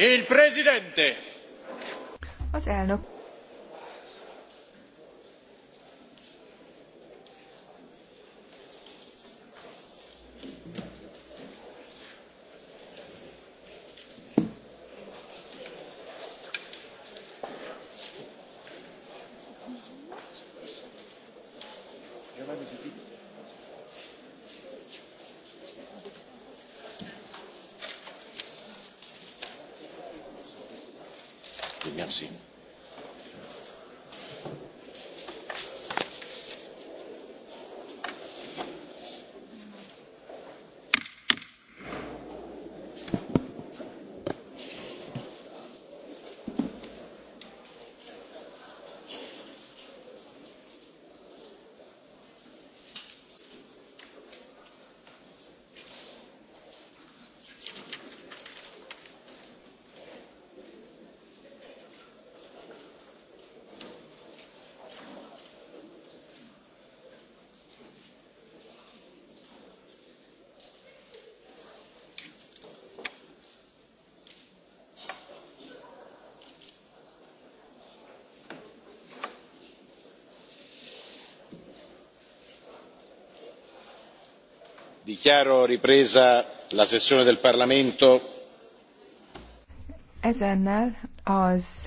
Il presidente. Az elnök. Grazie. merci. dichiaro ripresa la sessione del parlamento. ezennel az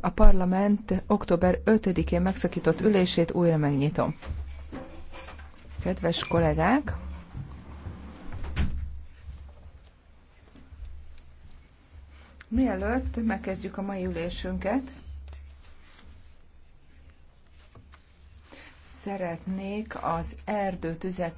a parlament október 5-én megszakított ülését újra megnyitom. Kedves kollégák! Mielőtt megkezdjük a mai ülésünket, szeretnék az erdőtüzek